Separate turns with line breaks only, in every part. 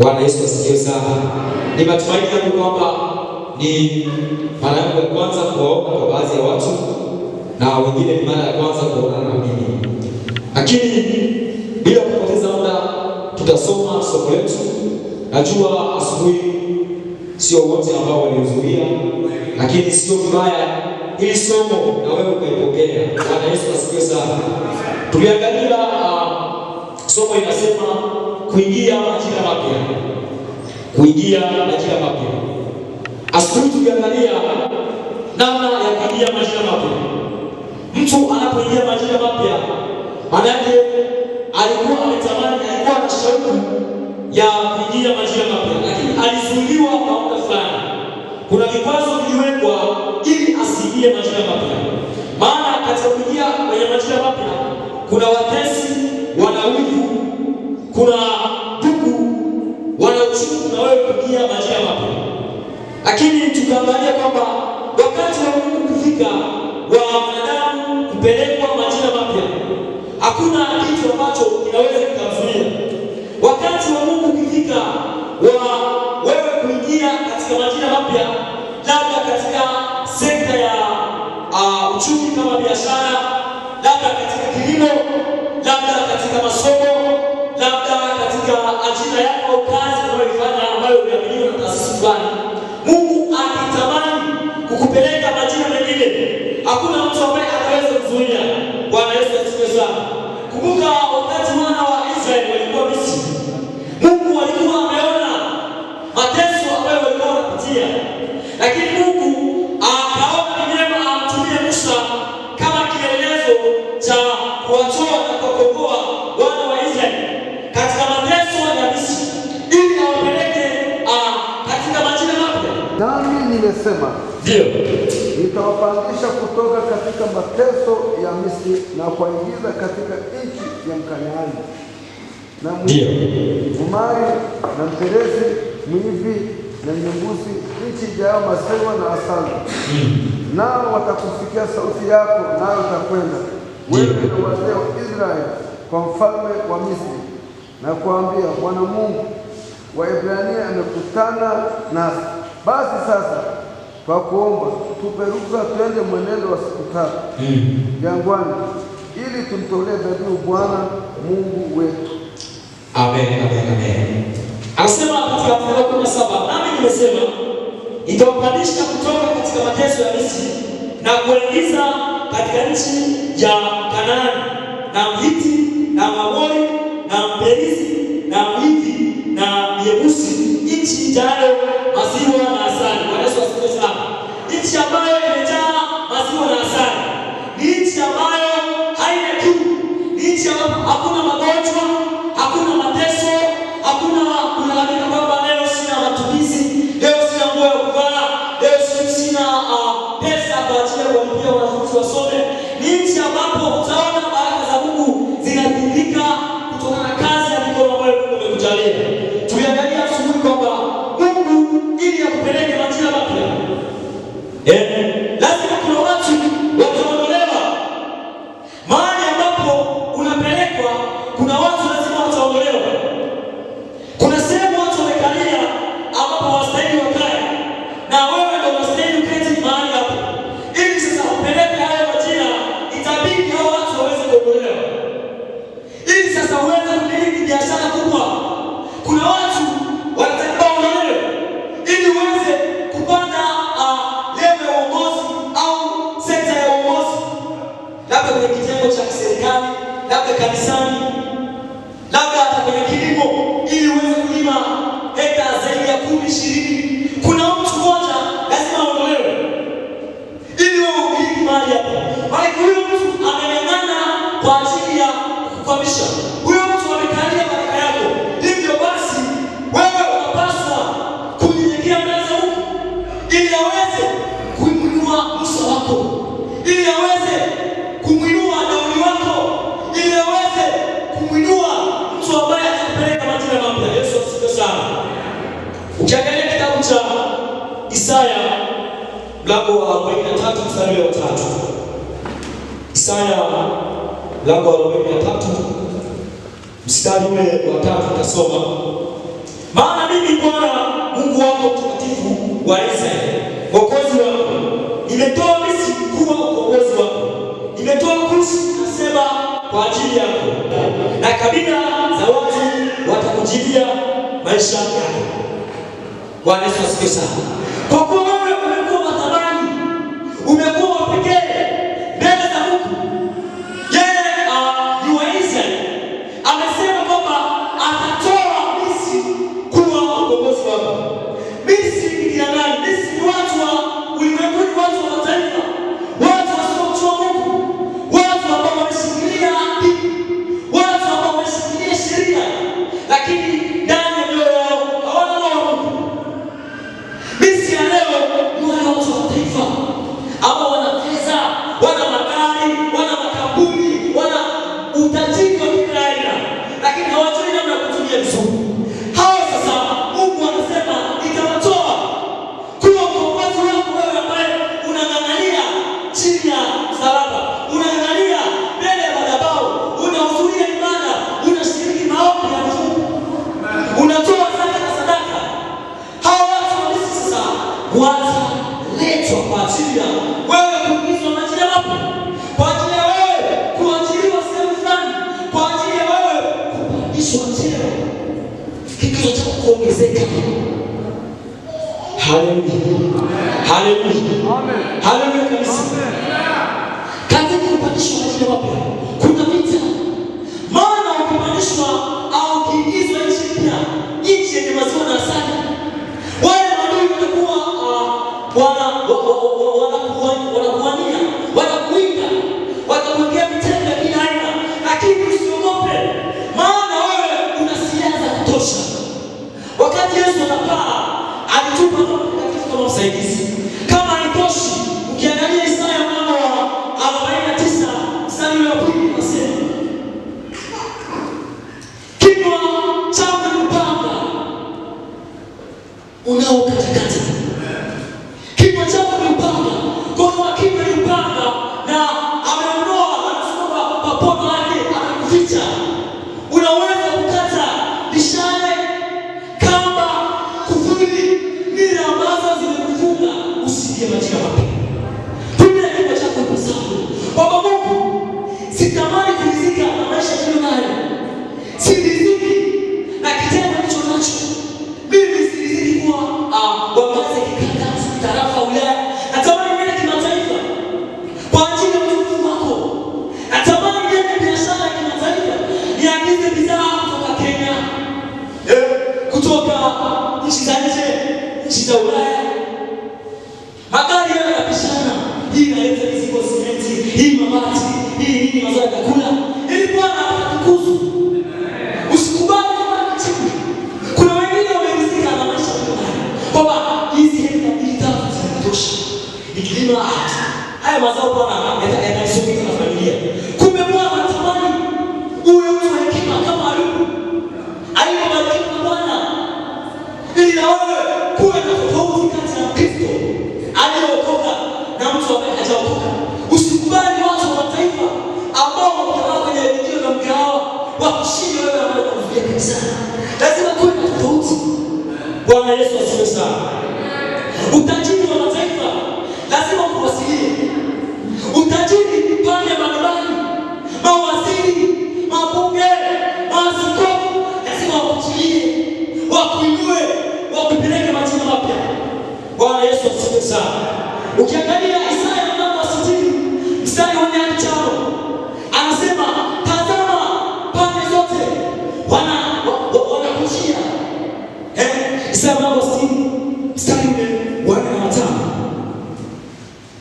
Bwana Yesu asifiwe sana. Ni matumaini yangu kwamba ni mara yangu ya kwanza kuwaona kwa baadhi ya watu na wengine ni mara ya kwanza kuonana na mimi, lakini bila kupoteza muda tutasoma somo letu. Najua asubuhi sio wote ambao walihudhuria, lakini sio vibaya ili somo na wewe ukaipokea. Bwana Yesu asifiwe sana. Tuliangalia uh, somo inasema kuingia majira mapya, kuingia majira mapya. Asubuhi tukiangalia namna ya kuingia majira mapya, mtu anapoingia majira mapya, manake alikuwa ametamani, alikuwa na shauku ya kuingia majira mapya, lakini alizuiliwa kwa muda fulani. Kuna vikwazo viliwekwa ili asiingie majira mapya, maana katika kuingia kwenye majira mapya kuna watesi, wana wivu, kuna kuheshimu na wewe kuingia majira mapya. Lakini tukaangalia kwamba wakati wa Mungu kufika wa mwanadamu kupelekwa majira mapya, hakuna kitu ambacho kinaweza kikamzuia ajira yako au kazi unayoifanya ambayo umeaminiwa na taasisi fulani, Mungu akitamani kukupeleka majira mengine, hakuna mtu ambaye ataweza kuzuia.
aliyesema, ndio nitawapandisha kutoka katika mateso ya Misri na kuwaingiza katika nchi ya Mkanaani, na Mhumari na Mperezi, Mwivi na Myebusi, nchi ijayo masewa na asali. Mm. Nao watakusikia sauti yako, nayo utakwenda wewe na wazee wa Israeli kwa mfalme wa Misri na kuambia, Bwana Mungu wa Ibrania amekutana nasi. Basi sasa kwa kuomba tupe ruksa twende mwenendo wa siku tatu jangwani mm-hmm. ili tumtolee dhabihu Bwana Mungu wetu.
Amen, amen, amen. Anasema katika fungu kumi na saba nami nimesema nitawapandisha kutoka katika mateso ya Misri na kuwaingiza katika nchi ya Kanaani na Mhiti na Mwamori mlango wa arobaini na tatu mstari ule wa tatu utasoma, maana mimi Bwana Mungu wako mtakatifu wa Israeli mwokozi wako nimetoa Misri kuwa mwokozi wako, nimetoa Kushi nasema kwa ajili yako, na kabila za watu watakujilia maisha yako. Bwana Yesu asifiwe sana. za Ulaya. Magari yao yanapishana, hii inaleta mizigo simenti, hii mabati, hii nini, mazao ya chakula, ili Bwana atukuzwe. Usikubali kama kitu. Kuna wengine wamerizika na maisha mbaya, kwamba hizi hekta mbili tatu zinatosha, nikilima haya mazao Bwana ao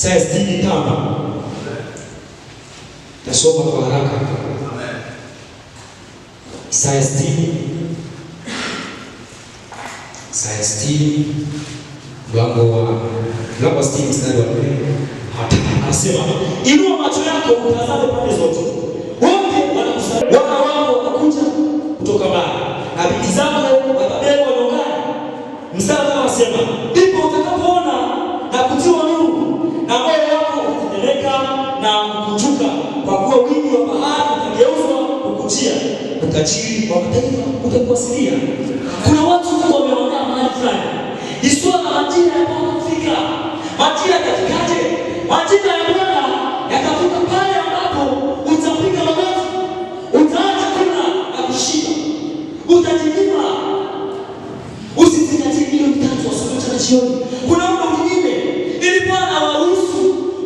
Saya sitini tano tasoma kwa haraka. Isaya sitini Isaya sitini mlango wa mlango wa sitini mstari wa pili anasema, inua macho yako utazame pande zote utajiri wa mataifa utakuwasilia. Kuna watu wameonea mahali fulani, ni suala la majira yanapofika, majira yakafikaje? Majira ya Bwana yakafika pale ambapo utapiga magoti, utaacha kula na kushiba, utajinyima. Usizingatie hiyo mtatu asubuhi na jioni. Kuna mambo mengine ili Bwana awaruhusu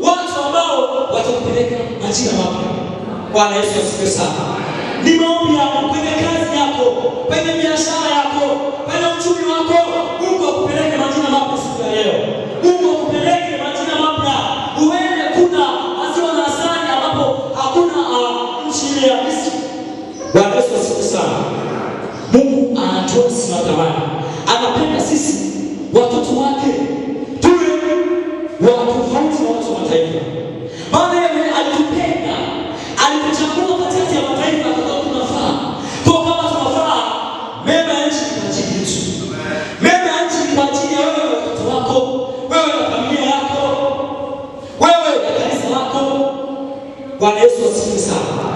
watu ambao watakupeleka majira mapya. Bwana Yesu asifiwe sana ni maombi yako kwenye kazi yako, kwenye biashara yako, kwenye uchumi wako. Mungu akupeleke majina mapya siku ya leo. Mungu akupeleke majina mapya, uende kuna na asali ambapo hakuna ah, nchi ile ya Misri. Bwana Yesu asifiwe sana. Mungu anatoa anapenda sisi watoto wake tuwe tofauti na watu wa mataifa Bwana Yesu asifiwe sana.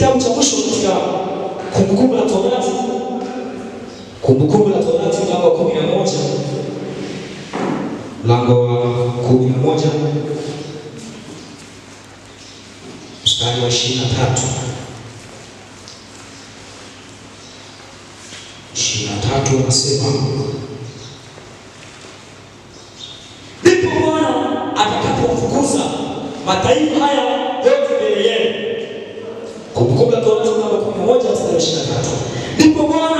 kitabu cha mwisho katika Kumbukumbu la Torati, Kumbukumbu la Torati mlango wa kumi na moja mlango wa kumi na moja mstari wa ishirini na tatu ishirini na tatu anasema ndipo Bwana atakapofukuza mataifa Ndipo Bwana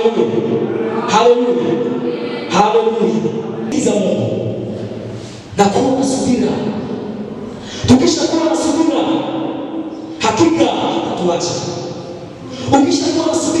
Haleluya, haleluya, haleluya. Sikiza Mungu na kuwa na subira. Tukishakuwa na subira, hakika atatuacha. Ukishakuwa na subira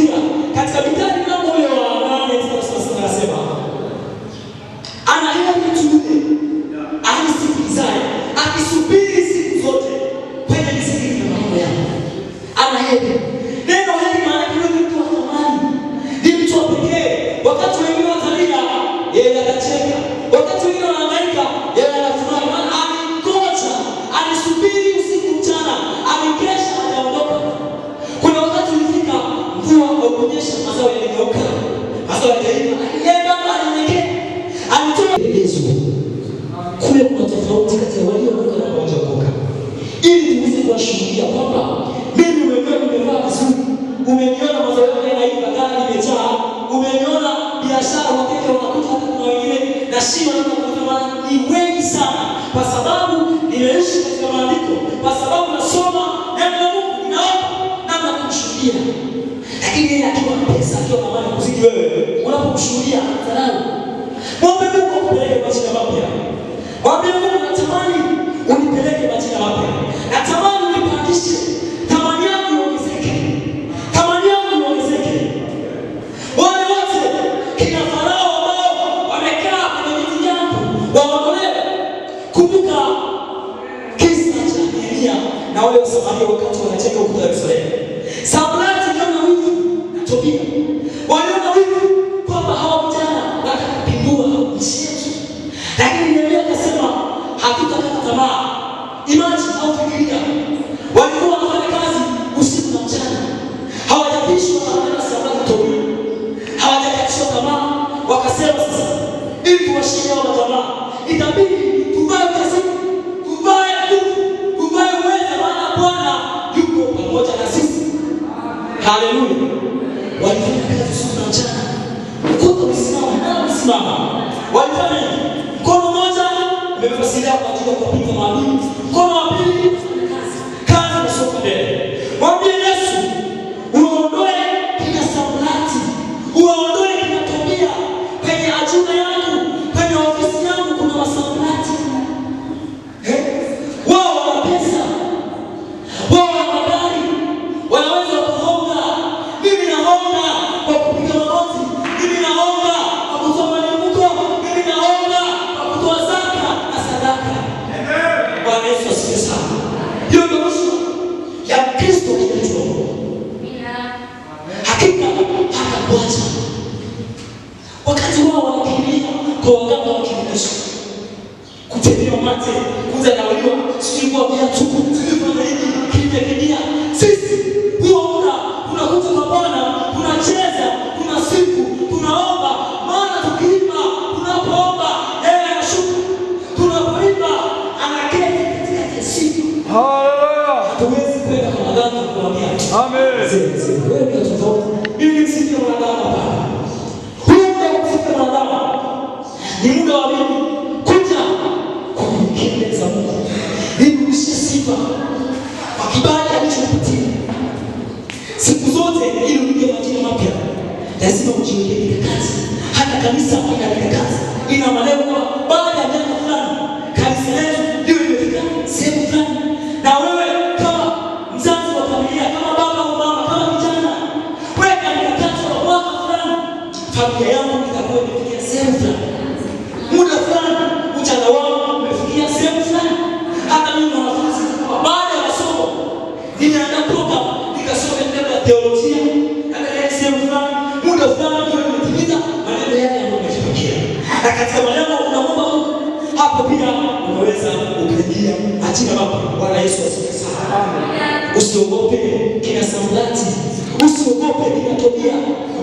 Jesus. umekosea katika kupika maadili. Mkono wa pili, kazi kazi, kusonga mbele Bwana. Wakati wao wanakimbia kwa waganga wa lazima ujiwekee kazi. Hata kanisa ile kazi ina maana kwa baada ya jambo fulani kanisa letu ndio imefika sehemu fulani, na wewe kama mzazi wa familia, kama baba au mama, kama kijana, weka mikakati wa mwaka fulani, familia yangu itakuwa imefikia sehemu fulani, muda fulani, ujana wangu umefikia sehemu fulani. Hata mimi mwanafunzi, baada ya masomo ninaandaa program nikasoma neno ya theolojia au pia unaweza ukarejea ajira wapo. Bwana Yesu asifiwe sana. Usiogope kina Samlati, usiogope kina Tobia,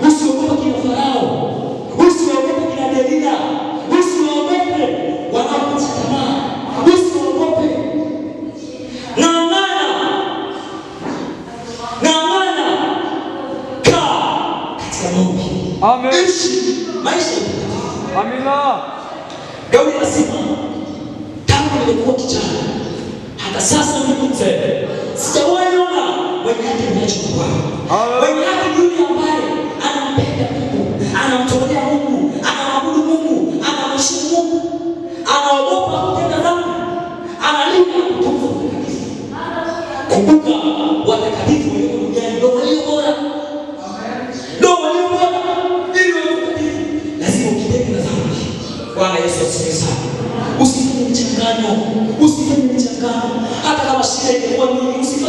usiogope kina Farao, usiogope kina Delila, usiogope wanaokata tamaa, usiogope ng'ang'ana, ng'ang'ana, kaa katika Mungu. Amen. Ishi maisha Amina. Gauli anasema tangu nilikuwa kijana hata sasa niko mzee, sijawahi ona wenye haki wanachukua wenye haki dunia Yesu. Usifanye mchangano, usifanye mchangano, hata kama shida ingekuwa nyingi